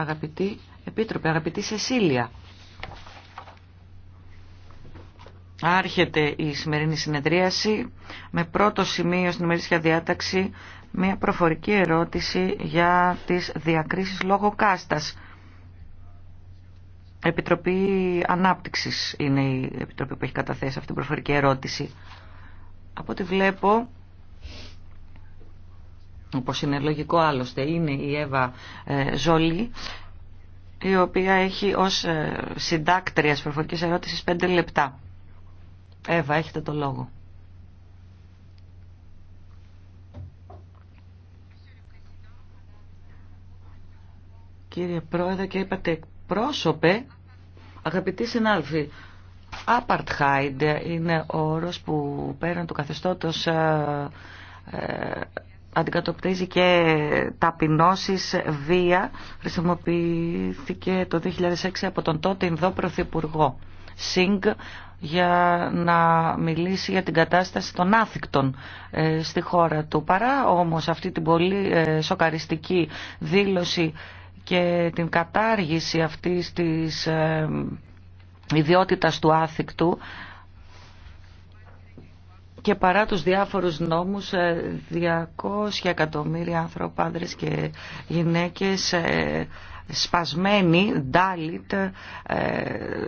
αγαπητή Επίτροπε, αγαπητή Σεσίλια. Άρχεται η σημερινή συνεδρίαση με πρώτο σημείο στην ημερήσια διάταξη μια προφορική ερώτηση για τις διακρίσεις λόγω κάστας. Επιτροπή Ανάπτυξης είναι η επιτροπή που έχει καταθέσει αυτή την προφορική ερώτηση. Από ό,τι βλέπω όπως είναι λογικό άλλωστε, είναι η Εύα ε, Ζολή, η οποία έχει ως ε, συντάκτρια προφορικής ερώτησης πέντε λεπτά. Εύα, έχετε το λόγο. Κύριε Πρόεδρε και είπατε πρόσωπε, αγαπητοί συνάλφοι, Απαρτχάιντ είναι ο όρος που πέραν του καθεστώτος ε, αντικατοπτρίζει και ταπεινώσεις βία χρησιμοποιήθηκε το 2006 από τον τότε Ινδό Πρωθυπουργό Σιγκ για να μιλήσει για την κατάσταση των άθικτων ε, στη χώρα του. Παρά όμως αυτή την πολύ ε, σοκαριστική δήλωση και την κατάργηση αυτής της ε, ιδιότητας του άθικτου και παρά τους διάφορους νόμους 200 ε, εκατομμύρια άνθρωποι, άνδρες και γυναίκες ε, σπασμένοι, ντάλιτ, ε,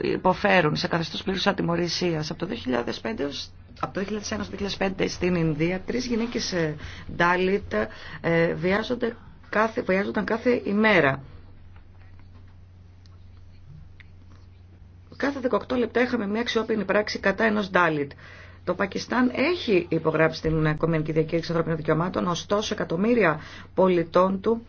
υποφέρουν σε καθεστώς πλήρους ατιμορρησίας. Από το 2005 από το 2001 2005 στην Ινδία, τρεις γυναίκες ντάλιτ κάθε, βιάζονταν κάθε ημέρα. Κάθε 18 λεπτά είχαμε μια αξιόπινη πράξη κατά ενός ντάλιτ. Το Πακιστάν έχει υπογράψει την Κομμουνική Διακήρυξη Ανθρωπίνων Δικαιωμάτων, ωστόσο εκατομμύρια πολιτών του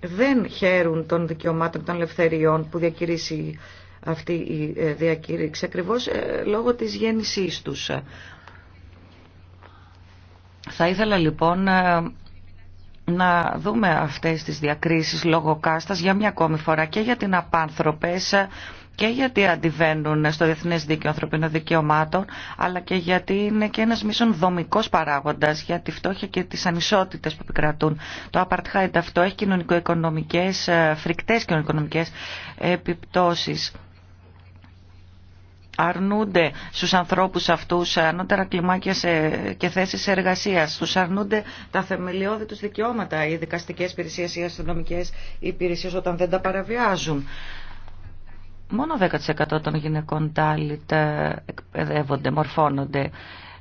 δεν χαίρουν των δικαιωμάτων των ελευθεριών που διακηρύσει αυτή η ε, διακήρυξη, ακριβώς ε, λόγω της γέννησής τους. Θα ήθελα λοιπόν ε, να δούμε αυτές τις διακρίσεις λόγω κάστας για μια ακόμη φορά και για την απάνθρωπες και γιατί αντιβαίνουν στο διεθνέ Δίκαιο Ανθρωπίνων Δικαιωμάτων, αλλά και γιατί είναι και ένα μίσον δομικό παράγοντα για τη φτώχεια και τι ανισότητε που επικρατούν. Το apartheid αυτό έχει οικονομικέ, ε, φρικτέ κοινωνικο οικονομικέ επιπτώσεις αρνούνται στους ανθρώπους αυτούς ανώτερα κλιμάκια και θέσεις εργασίας. Τους αρνούνται τα θεμελιώδη τους δικαιώματα, οι δικαστικές υπηρεσίες, οι αστυνομικές υπηρεσίες όταν δεν τα παραβιάζουν. Μόνο 10% των γυναικών τάλιτ εκπαιδεύονται, μορφώνονται.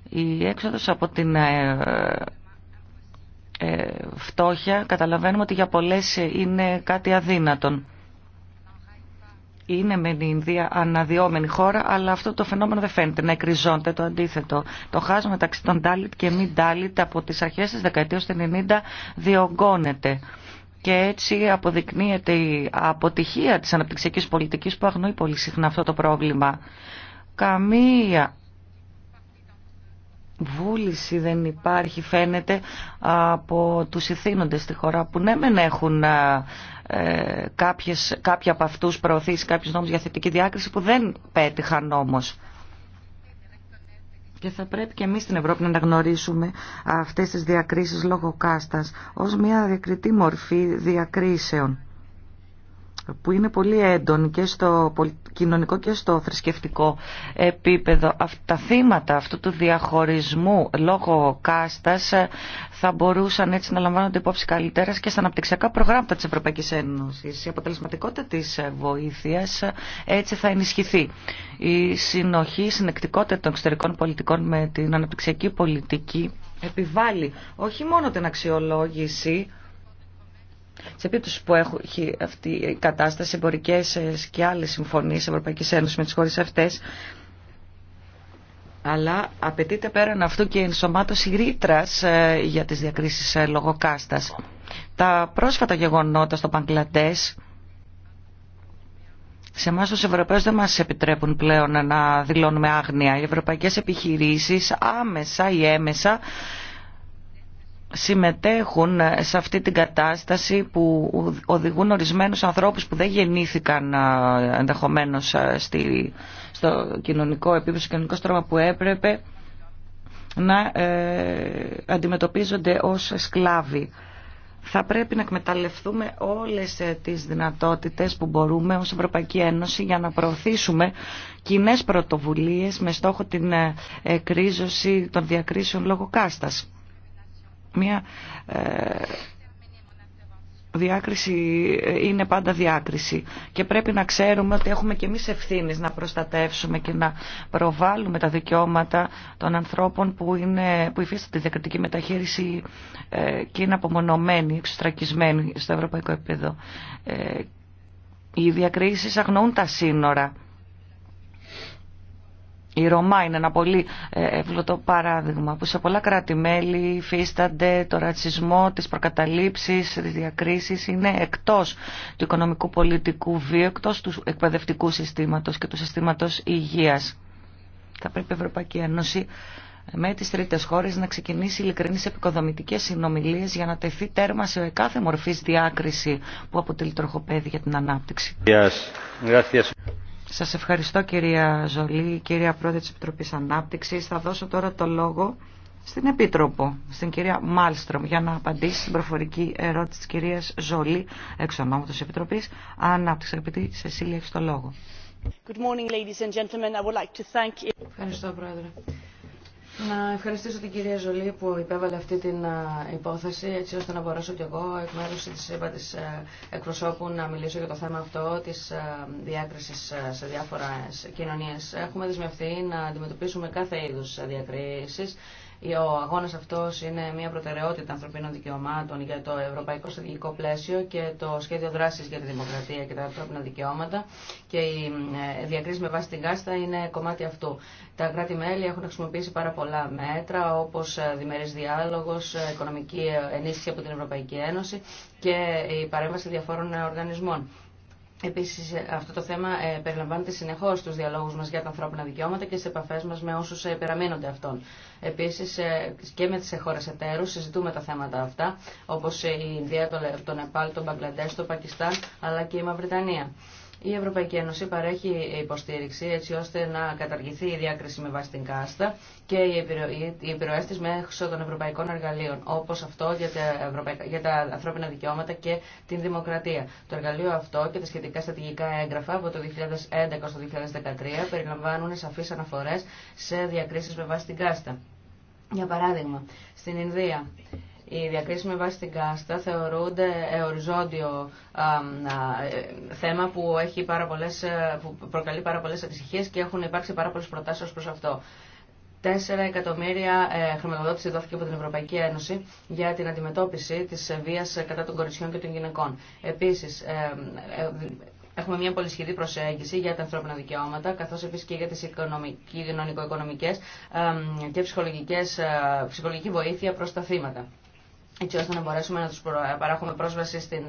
Η έξοδος από την ε, ε, φτώχεια καταλαβαίνουμε ότι για πολλές είναι κάτι αδύνατον. Είναι μεν η Ινδία αναδυόμενη χώρα, αλλά αυτό το φαινόμενο δεν φαίνεται να εκριζώνεται το αντίθετο. Το χάσμα μεταξύ των Τάλιτ και μη Τάλιτ από τις αρχές της δεκαετίας του 90 διωγγώνεται. Και έτσι αποδεικνύεται η αποτυχία της αναπτυξιακής πολιτικής που αγνοεί πολύ συχνά αυτό το πρόβλημα. Καμία βούληση δεν υπάρχει φαίνεται από τους ηθήνοντες στη χώρα που ναι μεν έχουν ε, κάποιες, κάποια από αυτούς προωθήσει κάποιους νόμους για θετική διάκριση που δεν πέτυχαν όμως. Και θα πρέπει και εμείς στην Ευρώπη να αναγνωρίσουμε αυτές τις διακρίσεις λόγω κάστας ως μια διακριτή μορφή διακρίσεων που είναι πολύ έντονη και στο κοινωνικό και στο θρησκευτικό επίπεδο. Τα θύματα αυτού του διαχωρισμού λόγω κάστας ε, θα μπορούσαν έτσι να λαμβάνονται υπόψη καλύτερα και στα αναπτυξιακά προγράμματα της Ευρωπαϊκής Ένωσης. Η αποτελεσματικότητα της ε, βοήθειας ε, έτσι θα ενισχυθεί. Η συνοχή, η συνεκτικότητα των εξωτερικών πολιτικών με την αναπτυξιακή πολιτική επιβάλλει όχι μόνο την αξιολόγηση σε περίπτωση που έχει αυτή η κατάσταση, εμπορικέ ε, και άλλε συμφωνίε Ευρωπαϊκή Ένωση με τι χώρε αυτέ, αλλά απαιτείται πέραν αυτού και η ενσωμάτωση ρήτρα ε, για τις διακρίσεις ε, λόγω Τα πρόσφατα γεγονότα στο Παγκλαντέ. σε εμά του Ευρωπαίου δεν μα επιτρέπουν πλέον να δηλώνουμε άγνοια. Οι ευρωπαϊκέ επιχειρήσει άμεσα ή έμεσα συμμετέχουν σε αυτή την κατάσταση που οδηγούν ορισμένους ανθρώπους που δεν γεννήθηκαν ενδεχομένως στη, στο κοινωνικό επίπεδο, στο κοινωνικό στρώμα που έπρεπε να ε, αντιμετωπίζονται ως σκλάβοι. Θα πρέπει να εκμεταλλευτούμε όλες ε, τις δυνατότητες που μπορούμε ως Ευρωπαϊκή Ένωση για να προωθήσουμε κοινές πρωτοβουλίες με στόχο την ε, εκρίζωση των διακρίσεων λόγω μια ε, διάκριση ε, είναι πάντα διάκριση και πρέπει να ξέρουμε ότι έχουμε και εμείς ευθύνες να προστατεύσουμε και να προβάλλουμε τα δικαιώματα των ανθρώπων που, είναι, που υφίσταται τη διακριτική μεταχείριση ε, και είναι απομονωμένοι, εξωστρακισμένοι στο ευρωπαϊκό επίπεδο. οι διακρίσεις αγνοούν τα σύνορα η Ρωμά είναι ένα πολύ ευλωτό παράδειγμα που σε πολλά κράτη-μέλη υφίστανται το ρατσισμό, τις προκαταλήψεις, τις διακρίσεις. Είναι εκτός του οικονομικού πολιτικού βίου, εκτός του εκπαιδευτικού συστήματος και του συστήματος υγείας. Θα πρέπει η Ευρωπαϊκή Ένωση με τις τρίτες χώρες να ξεκινήσει ειλικρινείς επικοδομητικές συνομιλίες για να τεθεί τέρμα σε κάθε μορφής διάκριση που αποτελεί τροχοπέδι για την ανάπτυξη. Σας ευχαριστώ κυρία Ζολή, κυρία Πρόεδρε της Επιτροπής Ανάπτυξης. Θα δώσω τώρα το λόγο στην Επίτροπο, στην κυρία Μάλστρομ, για να απαντήσει στην προφορική ερώτηση της κυρίας Ζολή, εξ ονόματος Επιτροπής Ανάπτυξης. Αγαπητή Σεσίλια έχεις το λόγο. Ευχαριστώ, Πρόεδρε. Να ευχαριστήσω την κυρία Ζολή που υπέβαλε αυτή την υπόθεση έτσι ώστε να μπορέσω κι εγώ εκ μέρους της ΕΠΑ της εκπροσώπου να μιλήσω για το θέμα αυτό της διάκρισης σε διάφορες κοινωνίες. Έχουμε δεσμευτεί να αντιμετωπίσουμε κάθε είδους διακρίσεις ο αγώνας αυτός είναι μια προτεραιότητα ανθρωπίνων δικαιωμάτων για το ευρωπαϊκό στρατηγικό πλαίσιο και το σχέδιο δράσης για τη δημοκρατία και τα ανθρώπινα δικαιώματα και η ε, διακρίση με βάση την κάστα είναι κομμάτι αυτού. Τα κράτη-μέλη έχουν χρησιμοποιήσει πάρα πολλά μέτρα όπως ε, διμερής διάλογος, ε, οικονομική ενίσχυση από την Ευρωπαϊκή Ένωση και η παρέμβαση διαφόρων οργανισμών. Επίσης ε, αυτό το θέμα ε, περιλαμβάνεται συνεχώς στους διαλόγους μας για τα ανθρώπινα δικαιώματα και στι επαφέ μας με όσους ε, αυτών. Επίσης ε, και με τις χώρε εταίρου συζητούμε τα θέματα αυτά όπως η Ινδία, το, το Νεπάλ, το Μπαγκλαντέ, το Πακιστάν αλλά και η Μαυριτανία. Η Ευρωπαϊκή Ένωση παρέχει υποστήριξη έτσι ώστε να καταργηθεί η διάκριση με βάση την κάστα και οι επιρροές της μέσω των ευρωπαϊκών εργαλείων, όπως αυτό για τα, ευρωπαϊκά, για τα ανθρώπινα δικαιώματα και την δημοκρατία. Το εργαλείο αυτό και τα σχετικά στρατηγικά έγγραφα από το 2011 το 2013 περιλαμβάνουν σαφείς αναφορές σε διακρίσεις με βάση την κάστα. Για παράδειγμα, στην Ινδία οι διακρίσεις με βάση την κάστα θεωρούνται ε, οριζόντιο ε, θέμα που, έχει πάρα πολλές, ε, που προκαλεί πάρα πολλέ ανησυχίε και έχουν υπάρξει πάρα πολλές προτάσεις ως προ αυτό. 4 εκατομμύρια χρηματοδότηση δόθηκε από την Ευρωπαϊκή Ένωση για την αντιμετώπιση της βίας κατά των κοριτσιών και των γυναικών. Επίσης, Έχουμε μια πολύ προσέγγιση για τα ανθρώπινα δικαιώματα, καθώς επίσης και για τι οικονομικες οικονομικε και ψυχολογικές, ψυχολογική βοήθεια προ τα θύματα έτσι ώστε να μπορέσουμε να τους ε, παράχουμε πρόσβαση στην,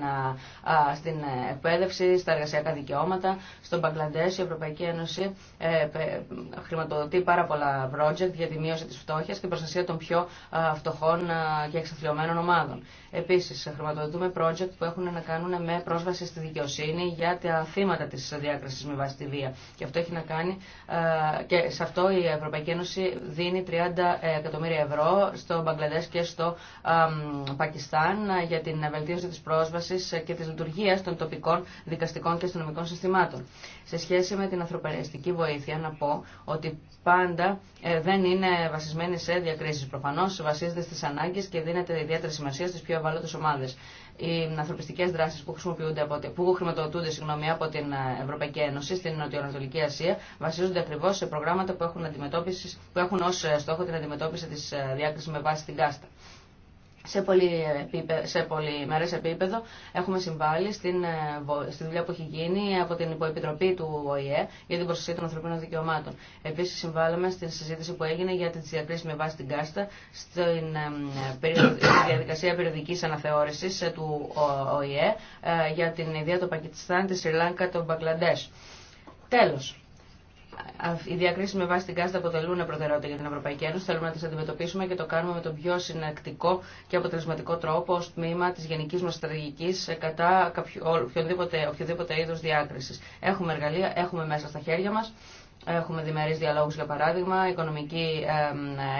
στην ε, εκπαίδευση, στα εργασιακά δικαιώματα. Στον Μπαγκλαντές η Ευρωπαϊκή Ένωση ε, χρηματοδοτεί πάρα πολλά project για τη μείωση της φτώχειας και προστασία των πιο φτωχών και εξαφλαιωμένων ομάδων. Επίσης, χρηματοδοτούμε project που έχουν να κάνουν με πρόσβαση στη δικαιοσύνη για τα θύματα της διάκρισης με βάση τη βία. Και αυτό έχει να κάνει και σε αυτό η Ευρωπαϊκή Ένωση δίνει 30 εκατομμύρια ευρώ στο Μπαγκλαντές και στο Πακιστάν ε, για την βελτίωση της πρόσβασης και της λειτουργίας των τοπικών δικαστικών και αστυνομικών συστημάτων. Σε σχέση με την ανθρωπιστική βοήθεια να πω ότι πάντα ε, δεν είναι βασισμένη σε διακρίσεις. Προφανώς βασίζεται στις ανάγκες και δίνεται ιδιαίτερη σημασία στις πιο ευάλωτες ομάδες. Οι ανθρωπιστικέ δράσει που, που χρηματοδοτούνται συγγνώμη, από την ε, Ευρωπαϊκή Ένωση στην Νοτιοανατολική Ασία βασίζονται ακριβώ σε προγράμματα που έχουν, που έχουν ω στόχο την αντιμετώπιση τη διάκριση με βάση την κάστα σε, πολύ, σε επίπεδο έχουμε συμβάλει ε, στη δουλειά που έχει γίνει από την υποεπιτροπή του ΟΗΕ για την προστασία των ανθρωπίνων δικαιωμάτων. Επίσης συμβάλλουμε στη συζήτηση που έγινε για τις διακρίσεις με βάση την κάστα στην, ε, διαδικασία περιοδικής αναθεώρησης ε, του ΟΗΕ για την ιδέα των Πακιστάν, τη Σιρλάνκα, τον Μπαγκλαντές. Τέλος, οι διακρίσει με βάση την κάστα αποτελούν προτεραιότητα για την Ευρωπαϊκή Ένωση. Θέλουμε να τι αντιμετωπίσουμε και το κάνουμε με τον πιο συνακτικό και αποτελεσματικό τρόπο ω τμήμα τη γενική μα στρατηγική κατά οποιοδήποτε, οποιοδήποτε είδου διάκριση. Έχουμε εργαλεία, έχουμε μέσα στα χέρια μα. Έχουμε διμερείς διαλόγους, για παράδειγμα, οικονομική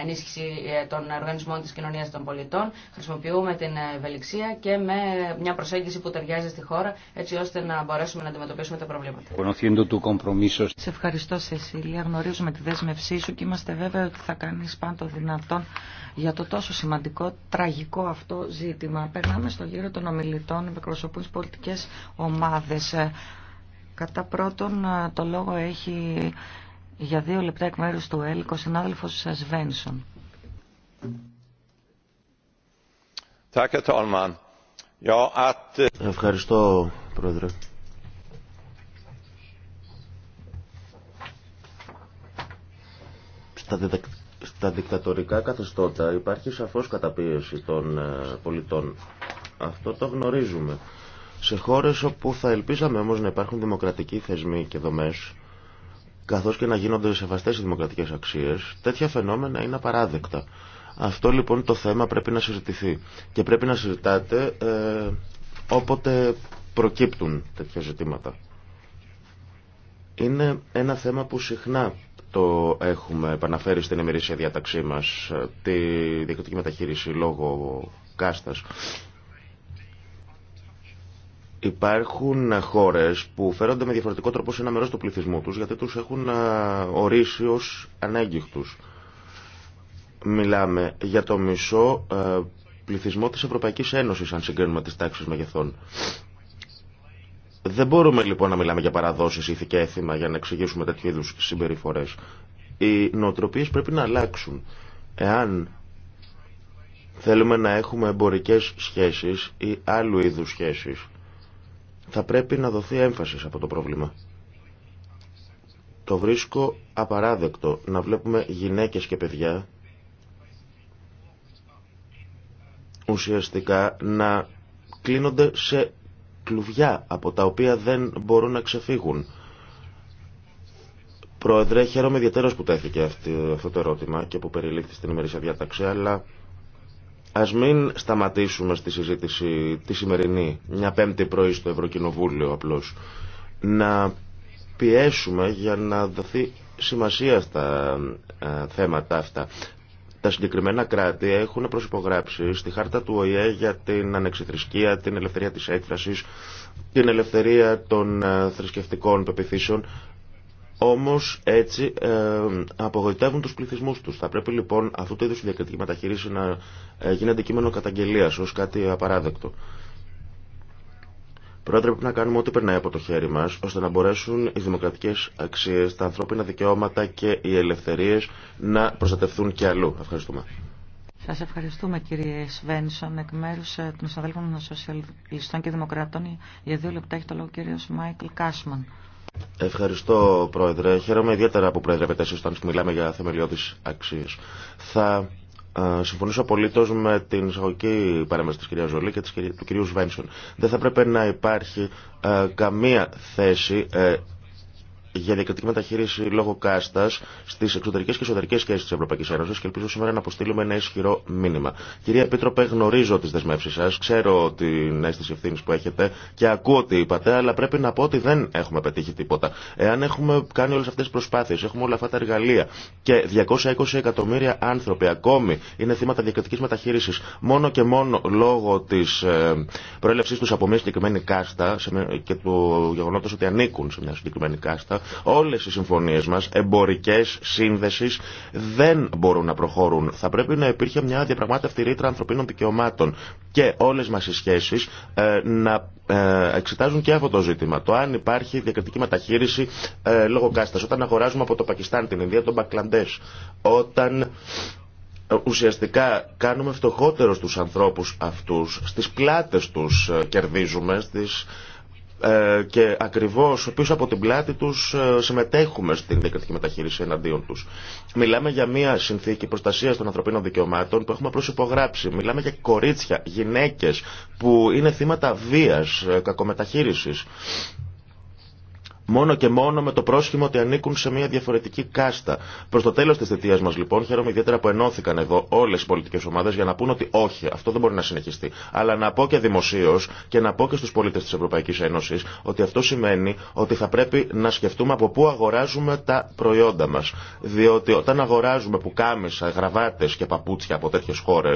ενίσχυση ε, των οργανισμών της κοινωνίας των πολιτών. Χρησιμοποιούμε την ευελιξία και με μια προσέγγιση που ταιριάζει στη χώρα, έτσι ώστε να μπορέσουμε να αντιμετωπίσουμε τα προβλήματα. Σε ευχαριστώ, Σεσίλια. Γνωρίζουμε τη δέσμευσή σου και είμαστε βέβαιοι ότι θα κάνεις πάντο δυνατόν για το τόσο σημαντικό, τραγικό αυτό ζήτημα. Περνάμε στο γύρο των ομιλητών, με πολιτικέ ομάδε. Κατά πρώτον, το λόγο έχει για δύο λεπτά εκ μέρους του ΕΛΚ ο συνάδελφος Σβένσον. Ε, Ευχαριστώ, Πρόεδρε. Στα δικτατορικά καθεστώτα υπάρχει σαφώς καταπίεση των ε, πολιτών. Αυτό το γνωρίζουμε σε χώρες όπου θα ελπίζαμε όμως να υπάρχουν δημοκρατικοί θεσμοί και δομές καθώς και να γίνονται σεβαστές οι δημοκρατικές αξίες, τέτοια φαινόμενα είναι απαράδεκτα. Αυτό λοιπόν το θέμα πρέπει να συζητηθεί και πρέπει να συζητάτε ε, όποτε προκύπτουν τέτοια ζητήματα. Είναι ένα θέμα που συχνά το έχουμε επαναφέρει στην ημερήσια διάταξή μας, ε, τη διακριτική μεταχείριση λόγω κάστας. Υπάρχουν χώρε που φέρονται με διαφορετικό τρόπο σε ένα μέρο του πληθυσμού του γιατί του έχουν ορίσει ω ανέγκυχτου. Μιλάμε για το μισό πληθυσμό τη Ευρωπαϊκή Ένωση αν συγκρίνουμε τι τάξει μεγεθών. Δεν μπορούμε λοιπόν να μιλάμε για παραδόσει ηθικά έθιμα για να εξηγήσουμε τέτοιου είδου συμπεριφορέ. Οι νοοτροπίε πρέπει να αλλάξουν. Εάν θέλουμε να έχουμε εμπορικέ σχέσει ή άλλου είδου σχέσει θα πρέπει να δοθεί έμφαση από το πρόβλημα. Το βρίσκω απαράδεκτο να βλέπουμε γυναίκες και παιδιά ουσιαστικά να κλείνονται σε κλουβιά από τα οποία δεν μπορούν να ξεφύγουν. Πρόεδρε, χαίρομαι ιδιαίτερα που τέθηκε αυτό το ερώτημα και που περιλήφθη στην ημερήσια διάταξη, αλλά Ας μην σταματήσουμε στη συζήτηση τη σημερινή, μια πέμπτη πρωί στο Ευρωκοινοβούλιο απλώς, να πιέσουμε για να δοθεί σημασία στα ε, θέματα αυτά. Τα συγκεκριμένα κράτη έχουν προσυπογράψει στη χάρτα του ΟΗΕ για την ανεξιθρησκεία, την ελευθερία της έκφρασης, την ελευθερία των ε, θρησκευτικών πεπιθήσεων όμως έτσι ε, απογοητεύουν τους πληθυσμούς τους. Θα πρέπει λοιπόν αυτού του είδους διακριτική μεταχείριση να ε, γίνει αντικείμενο καταγγελίας ως κάτι απαράδεκτο. Πρόεδρε, πρέπει να κάνουμε ό,τι περνάει από το χέρι μα, ώστε να μπορέσουν οι δημοκρατικές αξίες, τα ανθρώπινα δικαιώματα και οι ελευθερίες να προστατευτούν και αλλού. Ευχαριστούμε. Σας ευχαριστούμε, κύριε Σβένσον. Εκ μέρου ε, των συναδέλφων των Σοσιαλιστών και Δημοκρατών, για δύο λεπτά έχει το λόγο ο κύριο Μάικλ Κάσμαν. Ευχαριστώ, Πρόεδρε. Χαίρομαι ιδιαίτερα που προεδρεύετε εσεί όταν μιλάμε για θεμελιώδεις αξίες. Θα ε, συμφωνήσω απολύτω με την εισαγωγική παρέμβαση τη κυρία Ζολή και της, του κυρίου Σβένσον. Δεν θα πρέπει να υπάρχει ε, καμία θέση ε, για διακριτική μεταχείριση λόγω κάστα στι εξωτερικέ και εσωτερικέ σχέσει τη Ευρωπαϊκή Ένωση και ελπίζω σήμερα να αποστείλουμε ένα ισχυρό μήνυμα. Κυρία Επίτροπε, γνωρίζω τι δεσμεύσει σα, ξέρω την αίσθηση ευθύνη που έχετε και ακούω τι είπατε, αλλά πρέπει να πω ότι δεν έχουμε πετύχει τίποτα. Εάν έχουμε κάνει όλε αυτέ τι προσπάθειε, έχουμε όλα αυτά τα εργαλεία και 220 εκατομμύρια άνθρωποι ακόμη είναι θύματα διακριτική μεταχείριση μόνο και μόνο λόγω τη ε, προέλευσή του από μια συγκεκριμένη κάστα και του γεγονότο ότι ανήκουν σε μια συγκεκριμένη κάστα, Όλες οι συμφωνίες μας, εμπορικές, σύνδεσεις, δεν μπορούν να προχωρούν. Θα πρέπει να υπήρχε μια διαπραγμάτευτη ρήτρα ανθρωπίνων δικαιωμάτων και όλες μας οι σχέσεις ε, να ε, εξετάζουν και αυτό το ζήτημα. Το αν υπάρχει διακριτική μεταχείριση ε, λόγω κάστας. Όταν αγοράζουμε από το Πακιστάν, την Ινδία, τον Μπακλαντές. Όταν ουσιαστικά κάνουμε φτωχότερους τους ανθρώπους αυτούς, στις πλάτες τους κερδίζουμε, στις ε, και ακριβώς πίσω από την πλάτη τους ε, συμμετέχουμε στην διακριτική μεταχείριση εναντίον τους. Μιλάμε για μια συνθήκη προστασίας των ανθρωπίνων δικαιωμάτων που έχουμε προσυπογράψει. Μιλάμε για κορίτσια, γυναίκες που είναι θύματα βίας, ε, κακομεταχείρισης. Μόνο και μόνο με το πρόσχημα ότι ανήκουν σε μια διαφορετική κάστα. Προ το τέλο τη θητεία μα, λοιπόν, χαίρομαι ιδιαίτερα που ενώθηκαν εδώ όλε οι πολιτικέ ομάδε για να πούν ότι όχι, αυτό δεν μπορεί να συνεχιστεί. Αλλά να πω και δημοσίω και να πω και στου πολίτε τη Ευρωπαϊκή Ένωση ότι αυτό σημαίνει ότι θα πρέπει να σκεφτούμε από πού αγοράζουμε τα προϊόντα μα. Διότι όταν αγοράζουμε πουκάμισα, γραβάτε και παπούτσια από τέτοιε χώρε,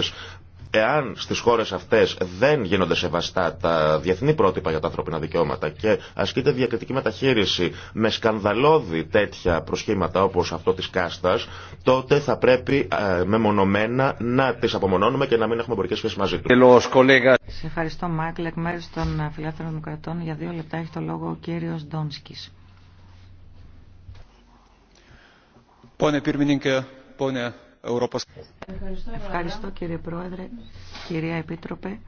Εάν στι χώρε αυτέ δεν γίνονται σεβαστά τα διεθνή πρότυπα για τα ανθρώπινα δικαιώματα και ασκείται διακριτική μεταχείριση με σκανδαλώδη τέτοια προσχήματα όπω αυτό τη Κάστας, τότε θα πρέπει ε, μεμονωμένα να τι απομονώνουμε και να μην έχουμε εμπορικέ σχέσει μαζί του. Σε ευχαριστώ, Μάικλ. Εκ μέρου των ε, Φιλελεύθερων Δημοκρατών, για δύο λεπτά έχει το λόγο ο κύριο Ντόνσκι. Πόνε Ευχαριστώ κύριε Πρόεδρε, κυρία Επίτροπε.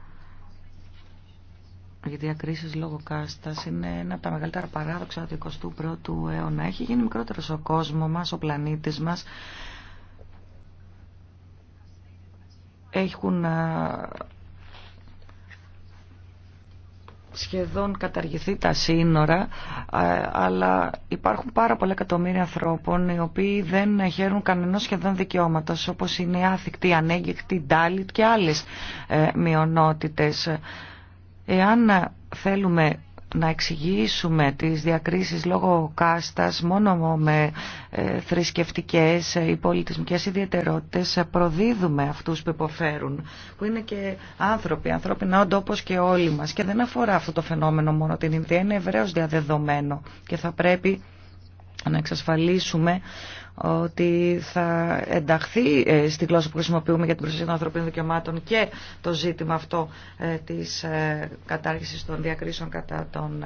Οι διακρίσει λόγω κάστα είναι ένα από τα μεγαλύτερα παράδοξα του 21ου αιώνα. Έχει γίνει μικρότερο ο κόσμο μα, ο πλανήτη μα. Έχουν σχεδόν καταργηθεί τα σύνορα, αλλά υπάρχουν πάρα πολλά εκατομμύρια ανθρώπων οι οποίοι δεν χαίρουν κανένα σχεδόν δικαιώματος, όπως είναι οι άθικτοι, οι ντάλιτ και άλλες ε, μειονότητες. Εάν θέλουμε να εξηγήσουμε τις διακρίσεις λόγω κάστας μόνο με ε, θρησκευτικές ε, ή πολιτισμικές ιδιαιτερότητες ε, προδίδουμε αυτούς που υποφέρουν που είναι και άνθρωποι, άνθρωποι όντω όπως και όλοι μας και δεν αφορά αυτό το φαινόμενο μόνο την Ινδία, είναι ευρέως διαδεδομένο και θα πρέπει να εξασφαλίσουμε ότι θα ενταχθεί ε, στη γλώσσα που χρησιμοποιούμε για την προστασία των ανθρωπίνων δικαιωμάτων και το ζήτημα αυτό ε, της ε, κατάργησης των διακρίσεων κατά των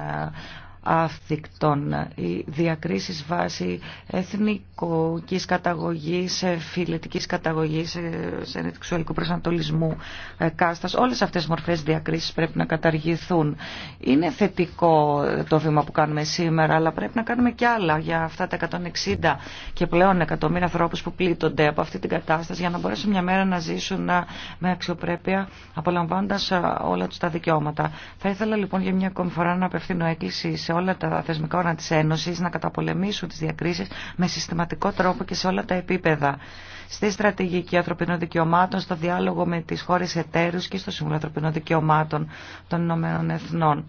αφδικτών. Οι διακρίσεις βάσει εθνικής καταγωγής, ε, φιλετικής καταγωγής, ε, σεξουαλικού προσανατολισμού, ε, κάστας, όλες αυτές τις μορφές διακρίσεις πρέπει να καταργηθούν. Είναι θετικό το βήμα που κάνουμε σήμερα, αλλά πρέπει να κάνουμε και άλλα για αυτά τα 160 και πλέον εκατομμύρια ανθρώπους που πλήττονται από αυτή την κατάσταση για να μπορέσουν μια μέρα να ζήσουν με αξιοπρέπεια απολαμβάνοντας όλα τους τα δικαιώματα. Θα ήθελα λοιπόν για μια ακόμη φορά να απευθύνω έκκληση σε όλα τα θεσμικά όρα της Ένωσης να καταπολεμήσουν τις διακρίσεις με συστηματικό τρόπο και σε όλα τα επίπεδα. Στη στρατηγική ανθρωπινών δικαιωμάτων, στο διάλογο με τις χώρες εταίρους και στο σύμβουλο Ανθρωπινών Δικαιωμάτων των Ηνωμένων Εθνών.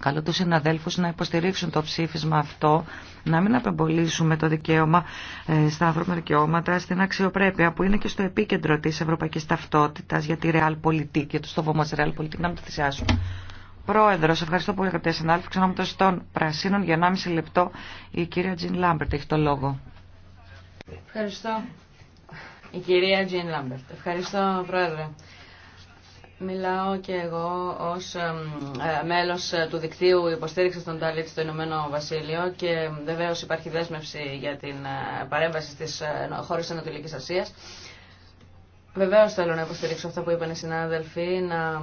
Καλώ τους συναδέλφους να υποστηρίξουν το ψήφισμα αυτό, να μην απεμπολίσουμε το δικαίωμα ε, στα ανθρώπινα δικαιώματα, στην αξιοπρέπεια που είναι και στο επίκεντρο της ευρωπαϊκής ταυτότητας για τη Real Politik, το στόχο μας Real να το θυσιάσουμε. Προέδρο, ευχαριστώ πολύ αγαπητέ συνάδελφοι. Ξενόμητος των Πρασίνων για 1,5 λεπτό η κυρία Τζιν Λάμπερτ έχει το λόγο. Ευχαριστώ. Η κυρία Τζιν Λάμπερτ. Ευχαριστώ πρόεδρε. Μιλάω και εγώ ως ε, μέλος του δικτύου υποστήριξη των Ταλίτ στο Ηνωμένο Βασίλειο και βεβαίω υπάρχει δέσμευση για την ε, παρέμβαση στι ε, χώρες της Ανατολική Ασία. Βεβαίως θέλω να υποστηρίξω αυτά που είπαν οι συνάδελφοι, να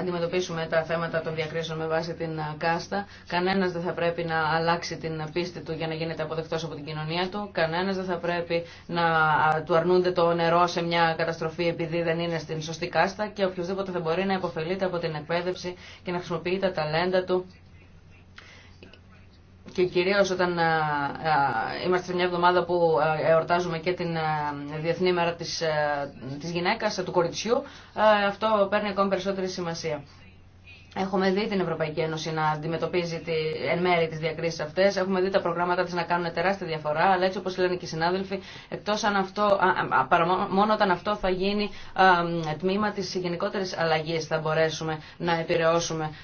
αντιμετωπίσουμε τα θέματα των διακρίσεων με βάση την κάστα. Κανένας δεν θα πρέπει να αλλάξει την πίστη του για να γίνεται αποδεκτός από την κοινωνία του. Κανένας δεν θα πρέπει να του αρνούνται το νερό σε μια καταστροφή επειδή δεν είναι στην σωστή κάστα και οποιοδήποτε θα μπορεί να υποφελείται από την εκπαίδευση και να χρησιμοποιεί τα ταλέντα του και κυρίως όταν είμαστε σε μια εβδομάδα που εορτάζουμε και την Διεθνή Μέρα της, της Γυναίκας, του Κοριτσιού, αυτό παίρνει ακόμη περισσότερη σημασία. Έχουμε δει την Ευρωπαϊκή Ένωση να αντιμετωπίζει τη, εν μέρη τι διακρίσει αυτέ. Έχουμε δει τα προγράμματα τη να κάνουν τεράστια διαφορά. Αλλά έτσι όπω λένε και οι συνάδελφοι, εκτό αν αυτό, μόνο όταν αυτό θα γίνει τμήμα τη γενικότερη αλλαγή θα μπορέσουμε να,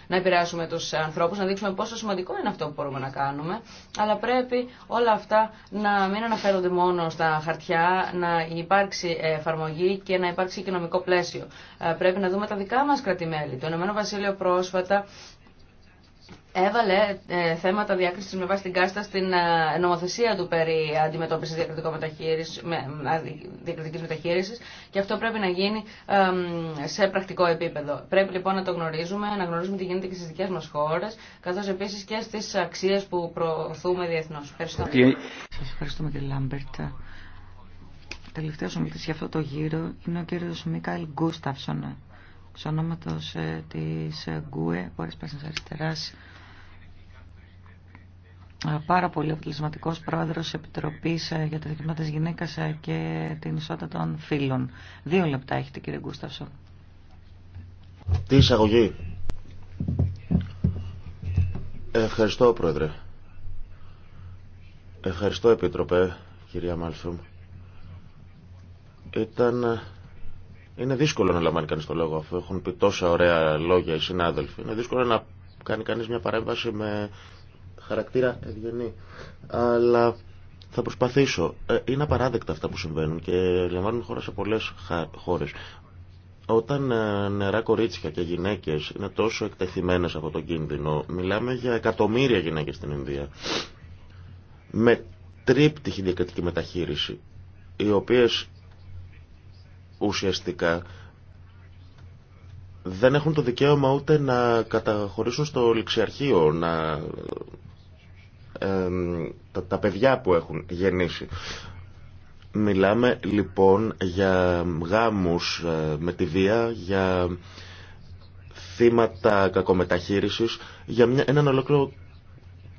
να επηρεάσουμε του ανθρώπου, να δείξουμε πόσο σημαντικό είναι αυτό που μπορούμε να κάνουμε. Αλλά πρέπει όλα αυτά να μην αναφέρονται μόνο στα χαρτιά, να υπάρξει εφαρμογή και να υπάρξει οικονομικό πλαίσιο. Ε, πρέπει να δούμε τα δικά μα κρατημέλη. Το Ηνωμένο Βασίλειο πρόσφατα έβαλε ε, θέματα διάκρισης με βάση την κάστα στην ε, νομοθεσία του περί αντιμετώπισης διακριτικής μεταχείρισης, με, μεταχείρισης και αυτό πρέπει να γίνει σε πρακτικό επίπεδο. Πρέπει λοιπόν να το γνωρίζουμε, να γνωρίζουμε τι γίνεται και στις δικές μας χώρες, καθώς επίσης και στις αξίες που προωθούμε διεθνώς. Ευχαριστώ. Σας ευχαριστούμε κύριε Λάμπερτ. Τελευταίος ομιλητής για αυτό το γύρο είναι ο κύριος Μίκαλ Γκούσταυσον ε, της ε, Γκουε, Βόρειας Πράσινης Αριστεράς, ε, πάρα πολύ αποτελεσματικός πρόεδρος Επιτροπής ε, για τα δικαιώματα της γυναίκας και την ισότητα των φίλων. Δύο λεπτά έχετε κύριε Γκούσταυσον. Τι εισαγωγή. Ευχαριστώ πρόεδρε. Ευχαριστώ Επίτροπε, κυρία Μάλφουμ. Ήταν είναι δύσκολο να λαμβάνει κανεί το λόγο αφού έχουν πει τόσα ωραία λόγια οι συνάδελφοι. Είναι δύσκολο να κάνει κανεί μια παρέμβαση με χαρακτήρα ευγενή. Αλλά θα προσπαθήσω. Ε, είναι απαράδεκτα αυτά που συμβαίνουν και λαμβάνουν χώρα σε πολλέ χώρε. Όταν ε, νερά κορίτσια και γυναίκε είναι τόσο εκτεθειμένε από τον κίνδυνο, μιλάμε για εκατομμύρια γυναίκε στην Ινδία. Με τρίπτυχη διακριτική μεταχείριση, οι οποίε ουσιαστικά δεν έχουν το δικαίωμα ούτε να καταχωρήσουν στο ληξιαρχείο να, τα, παιδιά που έχουν γεννήσει. Μιλάμε λοιπόν για γάμους ε, με τη βία, για θύματα κακομεταχείρισης, για μια, έναν ολόκληρο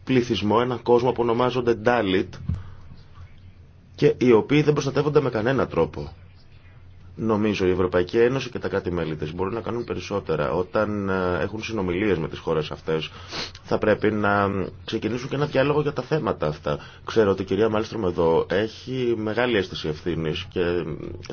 πληθυσμό, έναν κόσμο που ονομάζονται Dalit και οι οποίοι δεν προστατεύονται με κανένα τρόπο. Νομίζω η Ευρωπαϊκή Ένωση και τα κράτη-μέλη τη μπορούν να κάνουν περισσότερα. Όταν ε, έχουν συνομιλίε με τι χώρε αυτέ θα πρέπει να ξεκινήσουν και ένα διάλογο για τα θέματα αυτά. Ξέρω ότι η κυρία Μάλστρομ εδώ έχει μεγάλη αίσθηση ευθύνη και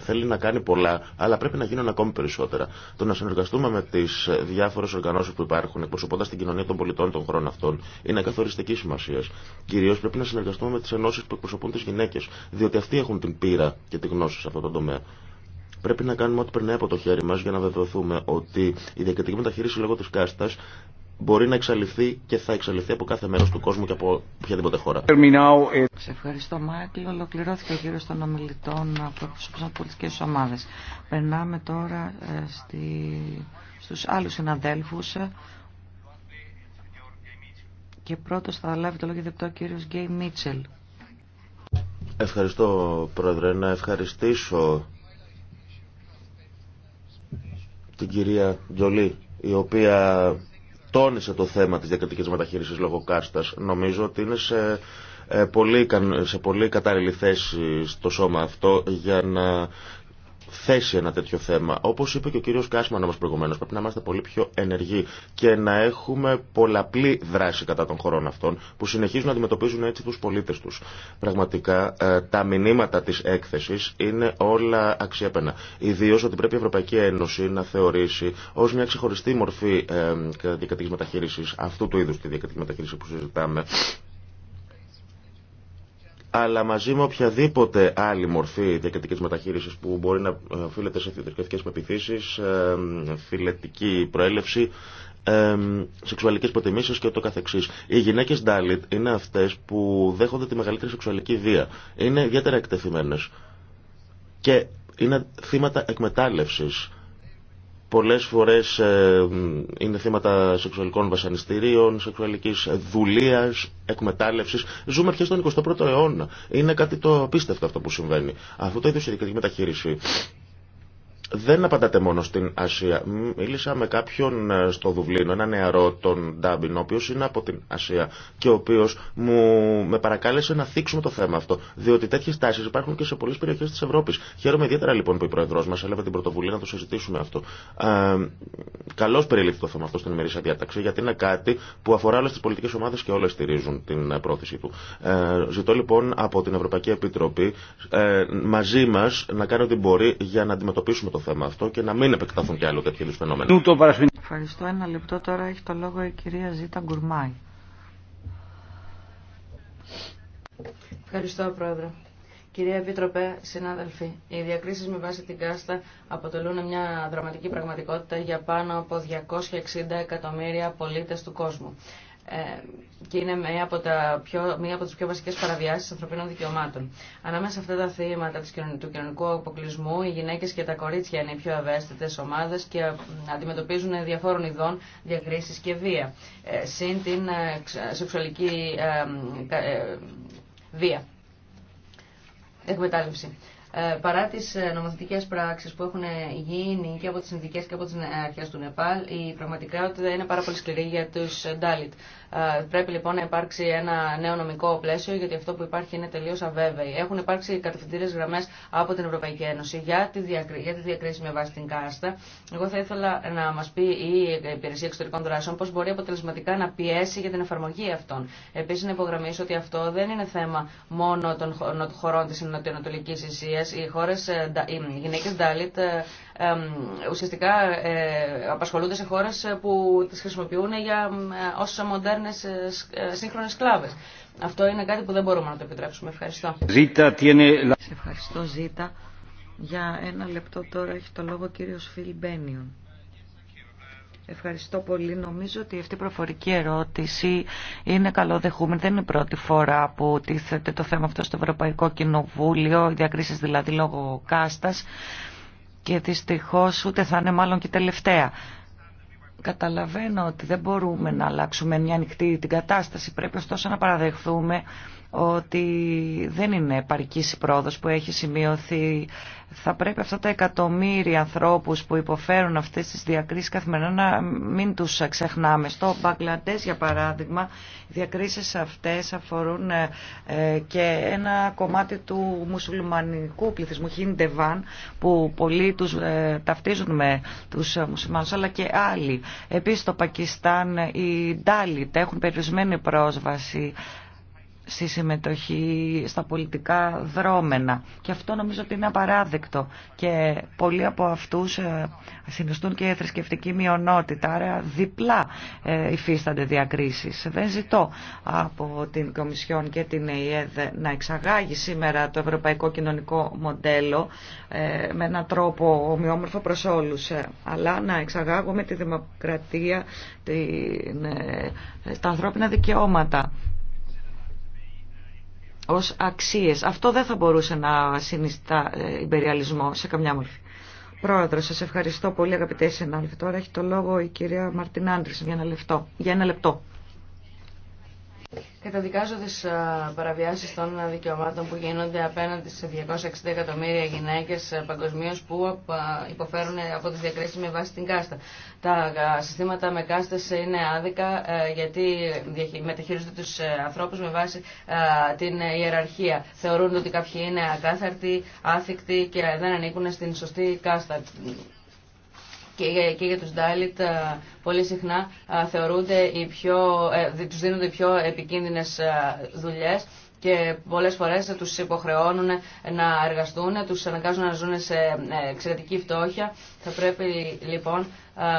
θέλει να κάνει πολλά, αλλά πρέπει να γίνουν ακόμη περισσότερα. Το να συνεργαστούμε με τι διάφορε οργανώσει που υπάρχουν, εκπροσωπώντα την κοινωνία των πολιτών των χωρών αυτών, είναι καθοριστική σημασία. Κυρίω πρέπει να συνεργαστούμε με τι ενώσει που εκπροσωπούν τι γυναίκε, διότι αυτοί έχουν την πείρα και τη γνώση σε αυτό το τομέα. Πρέπει να κάνουμε ό,τι περνάει από το χέρι μα για να βεβαιωθούμε ότι η διακριτική μεταχείριση λόγω της κάστας μπορεί να εξαλειφθεί και θα εξαλειφθεί από κάθε μέρος του κόσμου και από οποιαδήποτε χώρα. Σε ευχαριστώ Μάικλ. Ολοκληρώθηκε ο γύρος των ομιλητών από τις πολιτικέ πολιτικές ομάδες. Περνάμε τώρα ε, στη... στους άλλους συναδέλφους και πρώτος θα λάβει το λόγο δεπτό ο κύριος Γκέι Μίτσελ. Ευχαριστώ Πρόεδρε. Να ευχαριστήσω την κυρία Τζολή, η οποία τόνισε το θέμα της διακριτικής μεταχείρισης λόγω κάστας. Νομίζω ότι είναι σε ε, πολύ, σε πολύ κατάλληλη θέση στο σώμα αυτό για να θέσει ένα τέτοιο θέμα. Όπω είπε και ο κύριο Κάσμαν όμω προηγουμένω, πρέπει να είμαστε πολύ πιο ενεργοί και να έχουμε πολλαπλή δράση κατά των χωρών αυτών που συνεχίζουν να αντιμετωπίζουν έτσι του πολίτε του. Πραγματικά ε, τα μηνύματα τη έκθεση είναι όλα αξιέπαινα. Ιδίω ότι πρέπει η Ευρωπαϊκή Ένωση να θεωρήσει ω μια ξεχωριστή μορφή ε, διακατοική μεταχείριση αυτού του είδου τη διακατοική μεταχείριση που συζητάμε αλλά μαζί με οποιαδήποτε άλλη μορφή διακριτική μεταχείριση που μπορεί να ε, οφείλεται σε θρησκευτικέ πεπιθήσει, ε, φιλετική προέλευση, ε, σεξουαλικέ προτιμήσει και ούτω καθεξή. Οι γυναίκε Ντάλιτ είναι αυτέ που δέχονται τη μεγαλύτερη σεξουαλική βία. Είναι ιδιαίτερα εκτεθειμένε. Και είναι θύματα εκμετάλλευσης πολλές φορές ε, είναι θύματα σεξουαλικών βασανιστήριων, σεξουαλικής δουλείας, εκμετάλλευσης. Ζούμε πια στον 21ο αιώνα. Είναι κάτι το απίστευτο αυτό που συμβαίνει. Αυτό το είδος ειδικατική μεταχείριση δεν απαντάτε μόνο στην Ασία. Μίλησα με κάποιον ε, στο Δουβλίνο, ένα νεαρό, τον Ντάμπιν, ο οποίο είναι από την Ασία και ο οποίο μου με παρακάλεσε να θίξουμε το θέμα αυτό. Διότι τέτοιε τάσει υπάρχουν και σε πολλέ περιοχέ τη Ευρώπη. Χαίρομαι ιδιαίτερα λοιπόν που η Πρόεδρό μα έλαβε την πρωτοβουλία να το συζητήσουμε αυτό. Ε, Καλώ περιλήφθη το θέμα αυτό στην ημερήσια διάταξη, γιατί είναι κάτι που αφορά όλε τι πολιτικέ ομάδε και όλε στηρίζουν την ε, πρόθεση του. Ε, ζητώ λοιπόν από την Ευρωπαϊκή Επιτροπή ε, μαζί μα να κάνει ό,τι μπορεί να αντιμετωπίσουμε το θέμα αυτό και να μην επεκταθούν κι άλλο τέτοιου είδου φαινόμενα. Ευχαριστώ. Ένα λεπτό τώρα έχει το λόγο η κυρία Ζήτα Γκουρμάη. Ευχαριστώ, Πρόεδρε. Κυρία Επίτροπε, συνάδελφοι, οι διακρίσει με βάση την κάστα αποτελούν μια δραματική πραγματικότητα για πάνω από 260 εκατομμύρια πολίτε του κόσμου. Ε, και είναι μία από, τα πιο, μία από τις πιο βασικές παραβιάσεις ανθρωπίνων δικαιωμάτων. Ανάμεσα σε αυτά τα θύματα του κοινωνικού αποκλεισμού, οι γυναίκες και τα κορίτσια είναι οι πιο ευαίσθητες ομάδες και αντιμετωπίζουν διαφόρων ειδών διακρίσεις και βία, ε, συν την ε, σεξουαλική βία, εκμετάλλευση. Ε, παρά τι ε, νομοθετικέ πράξει που έχουν γίνει και από τι συνδικές και από τι ε, αρχέ του Νεπάλ, η πραγματικότητα είναι πάρα πολύ σκληρή για του Ντάλιτ. Πρέπει λοιπόν να υπάρξει ένα νέο νομικό πλαίσιο, γιατί αυτό που υπάρχει είναι τελείω αβέβαιο. Έχουν υπάρξει κατευθυντήρες γραμμέ από την Ευρωπαϊκή Ένωση για τη, διακρί... για τη διακρίση με βάση την κάστα. Εγώ θα ήθελα να μα πει η Υπηρεσία Εξωτερικών Δράσεων πώ μπορεί αποτελεσματικά να πιέσει για την εφαρμογή αυτών. Επίση να υπογραμμίσω ότι αυτό δεν είναι θέμα μόνο των χωρών τη Νοτιοανατολική Ισία οι, γυναίκε οι γυναίκες ε, ουσιαστικά ε, απασχολούνται σε χώρε ε, που τι χρησιμοποιούν για, ε, ως μοντέρνες σύγχρονες σκλάβες. Αυτό είναι κάτι που δεν μπορούμε να το επιτρέψουμε. Ευχαριστώ. Ζήτα, είναι... Σε ευχαριστώ Ζήτα. Για ένα λεπτό τώρα έχει το λόγο ο κύριος Φιλ Μπένιον. Ευχαριστώ πολύ. Νομίζω ότι αυτή η προφορική ερώτηση είναι καλόδεχούμενη. Δεν είναι η πρώτη φορά που τίθεται το θέμα αυτό στο Ευρωπαϊκό Κοινοβούλιο, οι διακρίσει δηλαδή λόγω κάστα. Και δυστυχώ ούτε θα είναι μάλλον και τελευταία. Καταλαβαίνω ότι δεν μπορούμε να αλλάξουμε μια ανοιχτή την κατάσταση. Πρέπει ωστόσο να παραδεχθούμε ότι δεν είναι παρικής η που έχει σημειωθεί. Θα πρέπει αυτά τα εκατομμύρια ανθρώπους που υποφέρουν αυτές τις διακρίσεις καθημερινά να μην τους ξεχνάμε. Στο Μπαγκλαντές για παράδειγμα, οι διακρίσεις αυτές αφορούν ε, και ένα κομμάτι του μουσουλμανικού πληθυσμού, Χιντεβάν, που πολλοί τους ε, ταυτίζουν με τους μουσουλμάνους, αλλά και άλλοι. Επίσης στο Πακιστάν οι Ντάλιτ έχουν περιορισμένη πρόσβαση στη συμμετοχή στα πολιτικά δρόμενα. Και αυτό νομίζω ότι είναι απαράδεκτο. Και πολλοί από αυτούς ε, συνιστούν και θρησκευτική μειονότητα, άρα διπλά ε, υφίστανται διακρίσεις. Δεν ζητώ από την Κομισιόν και την ΕΕΔ να εξαγάγει σήμερα το ευρωπαϊκό κοινωνικό μοντέλο ε, με έναν τρόπο ομοιόμορφο προς όλους, αλλά να εξαγάγουμε τη δημοκρατία, τα ανθρώπινα δικαιώματα ως αξίες. Αυτό δεν θα μπορούσε να συνιστά ε, υπεριαλισμό σε καμιά μορφή. Πρόεδρο, σας ευχαριστώ πολύ αγαπητέ συνάδελφοι. Τώρα έχει το λόγο η κυρία Μαρτίν Άντρης για ένα λεπτό. Για ένα λεπτό. Καταδικάζω τις παραβιάσεις των δικαιωμάτων που γίνονται απέναντι σε 260 εκατομμύρια γυναίκε παγκοσμίω που υποφέρουν ε, από τι διακρίσει με βάση την κάστα. Τα συστήματα με κάστες είναι άδικα ε, γιατί μεταχειρίζονται τους ε, ανθρώπους με βάση την ιεραρχία. Θεωρούν ότι κάποιοι είναι ακάθαρτοι, άθικτοι και δεν ανήκουν στην σωστή κάστα και για τους Ντάλιτ ε, πολύ συχνά ε, θεωρούνται οι πιο, ε, τους δίνονται οι πιο επικίνδυνες δουλειές και πολλές φορές τους υποχρεώνουν να εργαστούν, τους αναγκάζουν να ζουν σε ε, εξαιρετική φτώχεια. Θα πρέπει λοιπόν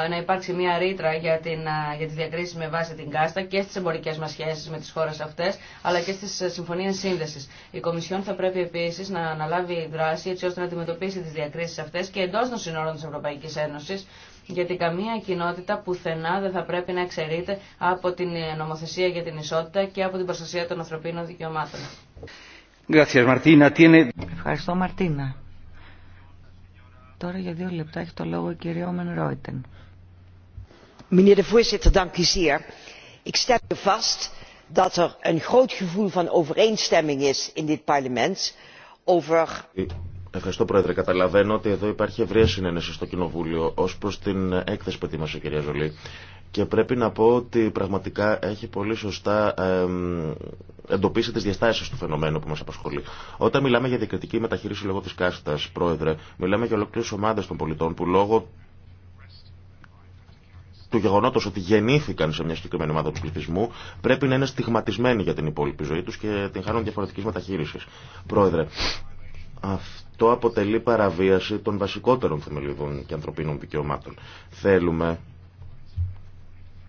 ε, να υπάρξει μια ρήτρα για, την, ε, για τη διακρίση με βάση την κάστα και στις εμπορικές μας σχέσεις με τις χώρες αυτές, αλλά και στις συμφωνίες σύνδεσης. Η Κομισιόν θα πρέπει επίσης να αναλάβει δράση έτσι ώστε να αντιμετωπίσει τις διακρίσεις αυτές και εντός των συνόρων της Ευρωπαϊκής Ένωσης, γιατί καμία κοινότητα πουθενά δεν θα πρέπει να εξαιρείται από την νομοθεσία για την ισότητα και από την προστασία των ανθρωπίνων δικαιωμάτων. Ευχαριστώ Μαρτίνα. Τώρα για δύο λεπτά έχει το λόγο η κυρία Όμεν Ρόιτεν. Ik stel vast dat er een groot gevoel van overeenstemming is in dit parlement over eh, Ευχαριστώ, Πρόεδρε. Καταλαβαίνω ότι εδώ υπάρχει ευρία συνένεση στο Κοινοβούλιο ω προ την έκθεση που ετοίμασε η κυρία Ζολή. Και πρέπει να πω ότι πραγματικά έχει πολύ σωστά εντοπίσει τι διαστάσει του φαινομένου που μα απασχολεί. Όταν μιλάμε για διακριτική μεταχείριση λόγω τη κάστα, Πρόεδρε, μιλάμε για ολόκληρε ομάδε των πολιτών που λόγω του γεγονότος ότι γεννήθηκαν σε μια συγκεκριμένη ομάδα του πληθυσμού πρέπει να είναι στιγματισμένοι για την υπόλοιπη ζωή του και την χάνουν διαφορετική μεταχείριση. Πρόεδρε, αυτό αποτελεί παραβίαση των βασικότερων θεμελιωδών και ανθρωπίνων δικαιωμάτων. Θέλουμε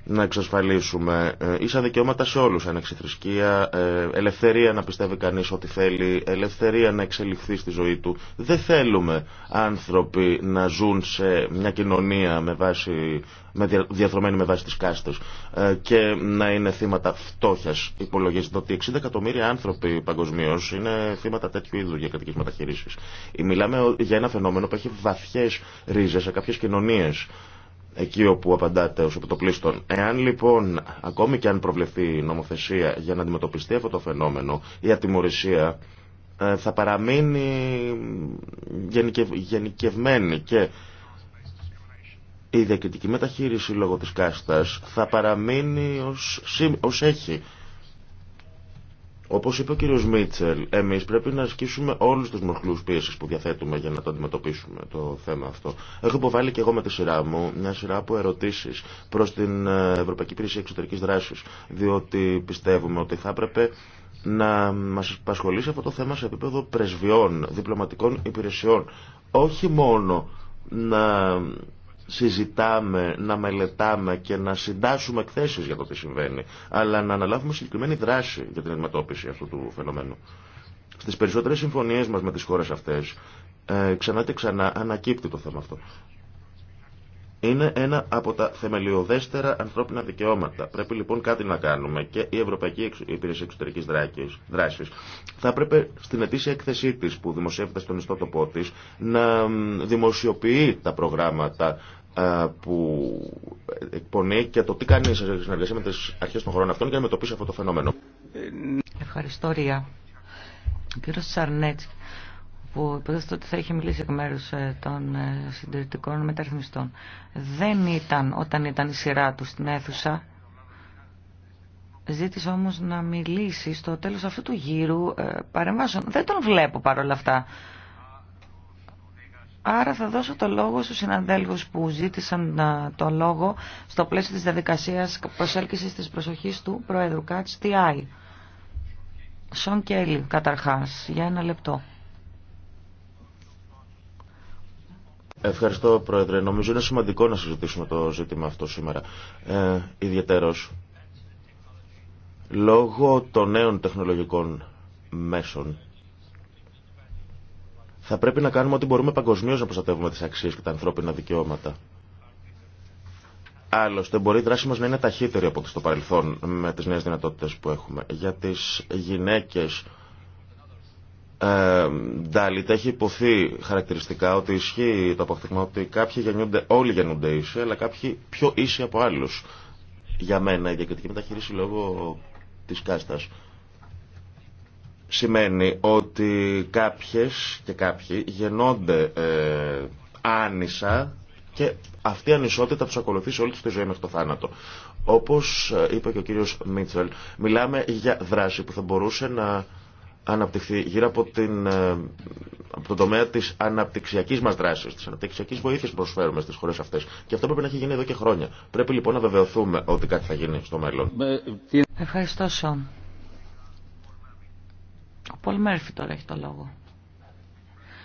να εξασφαλίσουμε ε, ίσα δικαιώματα σε όλους, ανεξιθρησκεία, ε, ελευθερία να πιστεύει κανείς ό,τι θέλει, ελευθερία να εξελιχθεί στη ζωή του. Δεν θέλουμε άνθρωποι να ζουν σε μια κοινωνία με βάση, με διαθρωμένη με βάση τις κάστες ε, και να είναι θύματα φτώχειας. Υπολογίζεται ότι 60 εκατομμύρια άνθρωποι παγκοσμίω είναι θύματα τέτοιου είδους διακρατικής μεταχειρήσεις. Μιλάμε για ένα φαινόμενο που έχει βαθιές ρίζες σε κάποιες κοινωνίες εκεί όπου απαντάτε ως επιτοπλίστων. Εάν λοιπόν, ακόμη και αν προβλεφθεί νομοθεσία για να αντιμετωπιστεί αυτό το φαινόμενο, η ατιμορρησία ε, θα παραμείνει γενικευμένη και η διακριτική μεταχείριση λόγω της κάστας θα παραμείνει ως, ως έχει όπως είπε ο κύριος Μίτσελ, εμείς πρέπει να ασκήσουμε όλου του μοχλου πίεση που διαθέτουμε για να το αντιμετωπίσουμε το θέμα αυτό. Έχω υποβάλει και εγώ με τη σειρά μου μια σειρά από ερωτήσεις προς την ε, Ευρωπαϊκή Υπηρεσία Εξωτερικής Δράσης, διότι πιστεύουμε ότι θα έπρεπε να μας απασχολήσει αυτό το θέμα σε επίπεδο πρεσβειών, διπλωματικών υπηρεσιών. Όχι μόνο να συζητάμε, να μελετάμε και να συντάσσουμε εκθέσεις για το τι συμβαίνει, αλλά να αναλάβουμε συγκεκριμένη δράση για την αντιμετώπιση αυτού του φαινομένου. Στις περισσότερες συμφωνίες μας με τις χώρες αυτές, ε, ξανά και ξανά ανακύπτει το θέμα αυτό. Είναι ένα από τα θεμελιωδέστερα ανθρώπινα δικαιώματα. Πρέπει λοιπόν κάτι να κάνουμε και η Ευρωπαϊκή Υπηρεσία Εξωτερική Δράση θα έπρεπε στην ετήσια έκθεσή τη που δημοσιεύεται στον ιστότοπό τη να δημοσιοποιεί τα προγράμματα ε, που εκπονεί και το τι κάνει σε συνεργασία με τις αρχές των χωρών αυτών για να μετωπίσει αυτό το φαινόμενο. Ευχαριστώ, Ρία. Ο κύριο Σαρνέτ, που υποτίθεται ότι θα είχε μιλήσει εκ μέρου ε, των ε, συντηρητικών μεταρρυθμιστών, δεν ήταν όταν ήταν η σειρά του στην αίθουσα. Ζήτησε όμως να μιλήσει στο τέλος αυτού του γύρου παρεμβάσεων. Δεν τον βλέπω παρόλα αυτά. Άρα θα δώσω το λόγο στους συναντέλγους που ζήτησαν ε, το λόγο στο πλαίσιο της διαδικασίας προσέλκυσης της προσοχής του Προέδρου Κάτς, τι Άι. Σον Κέλλη, καταρχάς, για ένα λεπτό. Ευχαριστώ, Πρόεδρε. Νομίζω είναι σημαντικό να συζητήσουμε το ζήτημα αυτό σήμερα. Ε, ιδιαίτερος, λόγω των νέων τεχνολογικών μέσων θα πρέπει να κάνουμε ό,τι μπορούμε παγκοσμίω να προστατεύουμε τι αξίε και τα ανθρώπινα δικαιώματα. Άλλωστε, μπορεί η δράση μα να είναι ταχύτερη από ό,τι στο παρελθόν με τι νέε δυνατότητε που έχουμε. Για τι γυναίκε, ε, Ντάλιτ, έχει υποθεί χαρακτηριστικά ότι ισχύει το αποκτήμα ότι κάποιοι γεννιούνται, όλοι γεννούνται ίσοι, αλλά κάποιοι πιο ίσοι από άλλου. Για μένα, η διακριτική μεταχείριση λόγω τη κάστα σημαίνει ότι κάποιες και κάποιοι γεννώνται ε, και αυτή η ανισότητα τους ακολουθεί σε όλη τη ζωή μέχρι το θάνατο. Όπως ε, είπε και ο κύριος Μίτσελ, μιλάμε για δράση που θα μπορούσε να αναπτυχθεί γύρω από, την, ε, από τον τομέα της αναπτυξιακής μας δράσης, της αναπτυξιακής βοήθειας που προσφέρουμε στις χώρες αυτές. Και αυτό πρέπει να έχει γίνει εδώ και χρόνια. Πρέπει λοιπόν να βεβαιωθούμε ότι κάτι θα γίνει στο μέλλον. Ε, Ευχαριστώ Σόμ. Ο Πολ Μέρφυ τώρα έχει το λόγο.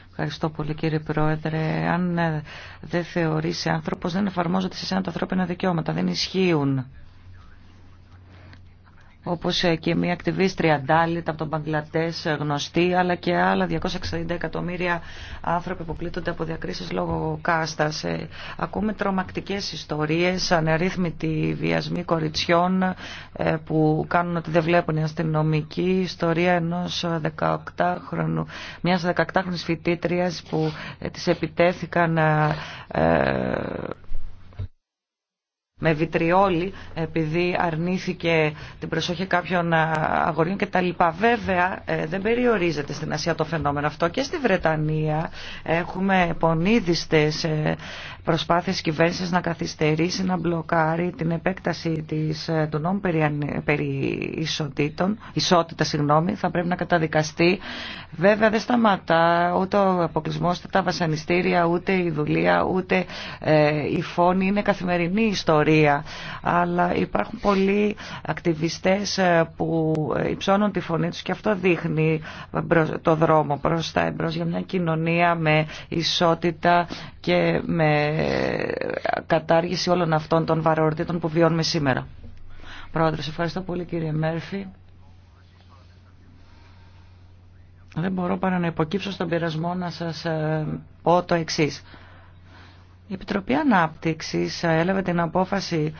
Ευχαριστώ πολύ κύριε Πρόεδρε. Αν ε, δεν θεωρείς άνθρωπος δεν εφαρμόζεται σε σένα τα ανθρώπινα δικαιώματα, δεν ισχύουν όπως ε, και μια ακτιβίστρια Ντάλιτ από τον Μπαγκλατές ε, γνωστή, αλλά και άλλα 260 εκατομμύρια άνθρωποι που πλήττονται από διακρίσεις λόγω κάστας. Ε, ακούμε τρομακτικές ιστορίες, ανερίθμητοι βιασμοί κοριτσιών που κάνουν ότι δεν βλέπουν οι αστυνομικοί, ιστορία ενός 18χρονου, μιας 18χρονης φοιτήτριας που της επιτέθηκαν με βιτριόλι επειδή αρνήθηκε την προσοχή κάποιων αγοριών κτλ. Βέβαια ε, δεν περιορίζεται στην Ασία το φαινόμενο αυτό και στη Βρετανία έχουμε πονίδιστες ε, προσπάθειες κυβέρνησης να καθυστερήσει, να μπλοκάρει την επέκταση της, ε, του νόμου περί, περί ισότητα, συγγνώμη, θα πρέπει να καταδικαστεί. Βέβαια δεν σταματά ούτε ο αποκλεισμό, ούτε τα βασανιστήρια, ούτε η δουλεία, ούτε η φόνη. Είναι καθημερινή ιστορία αλλά υπάρχουν πολλοί ακτιβιστές ε, που ε, υψώνουν τη φωνή τους και αυτό δείχνει ε, το δρόμο προς τα εμπρός για μια κοινωνία με ισότητα και με κατάργηση όλων αυτών των βαρορτήτων που βιώνουμε σήμερα. Πρόεδρος, ευχαριστώ πολύ κύριε Μέρφη. Δεν μπορώ παρά να υποκύψω στον πειρασμό να σας πω το εξής. Η Επιτροπή Ανάπτυξης έλαβε την απόφαση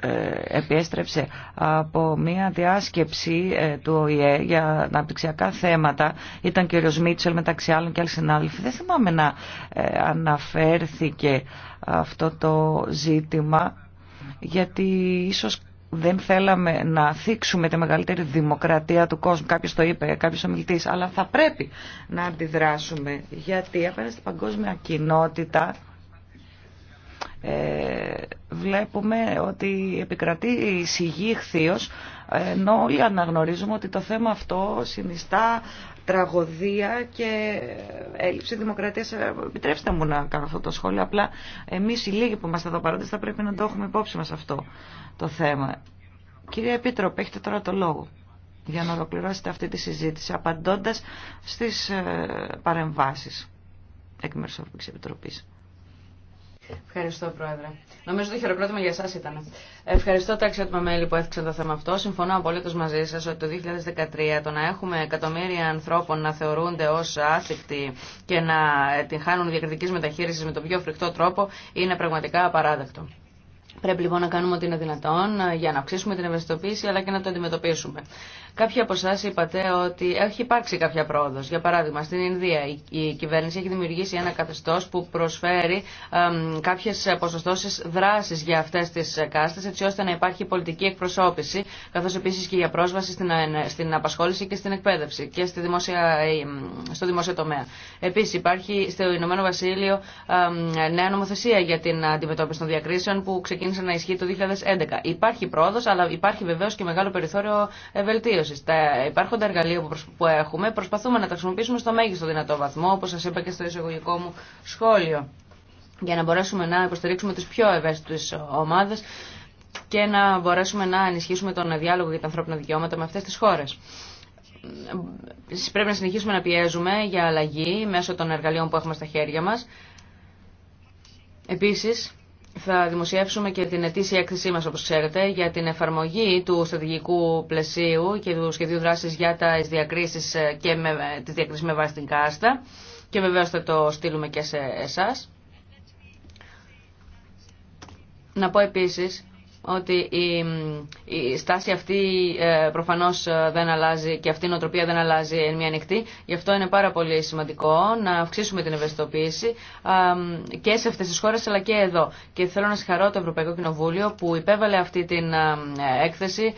ε, επέστρεψε από μια διάσκεψη ε, του ΟΗΕ για αναπτυξιακά θέματα. Ήταν και ο Μίτσελ μεταξύ άλλων και άλλοι συνάδελφοι. Δεν θυμάμαι να ε, αναφέρθηκε αυτό το ζήτημα γιατί ίσως δεν θέλαμε να θίξουμε τη μεγαλύτερη δημοκρατία του κόσμου. κάποιο το είπε, κάποιο ομιλητή, αλλά θα πρέπει να αντιδράσουμε. Γιατί απέναντι στην παγκόσμια κοινότητα ε, βλέπουμε ότι επικρατεί η σιγή ενώ όλοι αναγνωρίζουμε ότι το θέμα αυτό συνιστά τραγωδία και ε, έλλειψη δημοκρατία. Ε, επιτρέψτε μου να κάνω αυτό το σχόλιο. Απλά εμεί οι λίγοι που είμαστε εδώ παρόντε θα πρέπει να το έχουμε υπόψη μα αυτό το θέμα. Κύριε Επίτροπε, έχετε τώρα το λόγο για να ολοκληρώσετε αυτή τη συζήτηση απαντώντας στις ε, παρεμβάσεις εκ μέρους της Επιτροπής. Ευχαριστώ, Πρόεδρε. Νομίζω το χειροκρότημα για εσά ήταν. Ευχαριστώ τα αξιότιμα μέλη που έφτιαξαν το θέμα αυτό. Συμφωνώ απολύτω μαζί σα ότι το 2013 το να έχουμε εκατομμύρια ανθρώπων να θεωρούνται ω άθικτοι και να ε, την χάνουν διακριτική μεταχείριση με τον πιο φρικτό τρόπο είναι πραγματικά απαράδεκτο. Πρέπει λοιπόν να κάνουμε ό,τι είναι δυνατόν ε, για να αυξήσουμε την ευαισθητοποίηση αλλά και να το αντιμετωπίσουμε. Κάποιοι από εσά είπατε ότι έχει υπάρξει κάποια πρόοδο. Για παράδειγμα, στην Ινδία η κυβέρνηση έχει δημιουργήσει ένα καθεστώ που προσφέρει κάποιε ποσοστώσει δράση για αυτέ τι κάστε έτσι ώστε να υπάρχει πολιτική εκπροσώπηση καθώ επίση και για πρόσβαση ε, ναι, στην απασχόληση και στην εκπαίδευση και στη δημόσια, ε, στο δημόσιο τομέα. Επίση υπάρχει στο Ηνωμένο Βασίλειο νέα νομοθεσία για την αντιμετώπιση των διακρίσεων που ξεκίνησε να ισχύει το 2011. Υπάρχει πρόοδο, αλλά υπάρχει βεβαίω και μεγάλο περιθώριο ε, βελτίωσης. Τα υπάρχοντα εργαλεία που έχουμε προσπαθούμε να τα χρησιμοποιήσουμε στο μέγιστο δυνατό βαθμό, όπω σα είπα και στο εισαγωγικό μου σχόλιο, για να μπορέσουμε να υποστηρίξουμε τις πιο ευαίσθητε ομάδε και να μπορέσουμε να ενισχύσουμε τον διάλογο για τα ανθρώπινα δικαιώματα με αυτέ τι χώρε. πρέπει να συνεχίσουμε να πιέζουμε για αλλαγή μέσω των εργαλείων που έχουμε στα χέρια μας. Επίσης, θα δημοσιεύσουμε και την ετήσια έκθεσή μας, όπως ξέρετε, για την εφαρμογή του στρατηγικού πλαισίου και του σχεδίου δράσης για τις διακρίσεις, ε, και με, ε, τις διακρίσεις με βάση την κάστα. Και βεβαίως θα το στείλουμε και σε εσάς. Να πω επίσης ότι η, η στάση αυτή ε, προφανώς ε, δεν αλλάζει και αυτή η νοοτροπία δεν αλλάζει εν μία νυχτή. Γι' αυτό είναι πάρα πολύ σημαντικό να αυξήσουμε την ευαισθητοποίηση ε, και σε αυτές τις χώρες αλλά και εδώ. Και θέλω να συγχαρώ το Ευρωπαϊκό Κοινοβούλιο που υπέβαλε αυτή την έκθεση,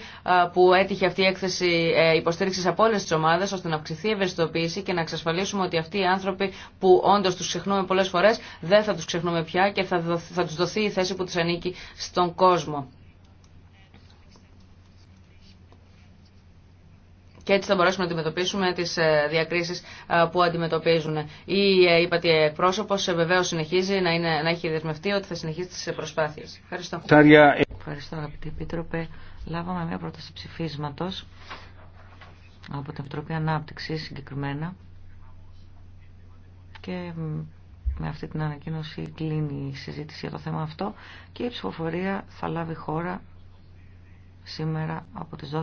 που έτυχε αυτή η έκθεση υποστήριξη από όλες τις ομάδες ώστε να αυξηθεί η ευαισθητοποίηση και να εξασφαλίσουμε ότι αυτοί οι άνθρωποι που όντως τους ξεχνούμε πολλές φορές δεν θα του ξεχνούμε πια και θα, του δοθεί η θέση που του ανήκει στον κόσμο. και έτσι θα μπορέσουμε να αντιμετωπίσουμε τι ε, διακρίσει ε, που αντιμετωπίζουν. Η ΥΠΑΤΗ ε, εκπρόσωπο βεβαίω συνεχίζει να, είναι, να έχει δεσμευτεί ότι θα συνεχίσει τι προσπάθειε. Ευχαριστώ. Ευχαριστώ, αγαπητή Επίτροπε. Λάβαμε μια πρόταση ψηφίσματο από την Επιτροπή Ανάπτυξη συγκεκριμένα και με αυτή την ανακοίνωση κλείνει η συζήτηση για το θέμα αυτό και η ψηφοφορία θα λάβει χώρα σήμερα από τις 12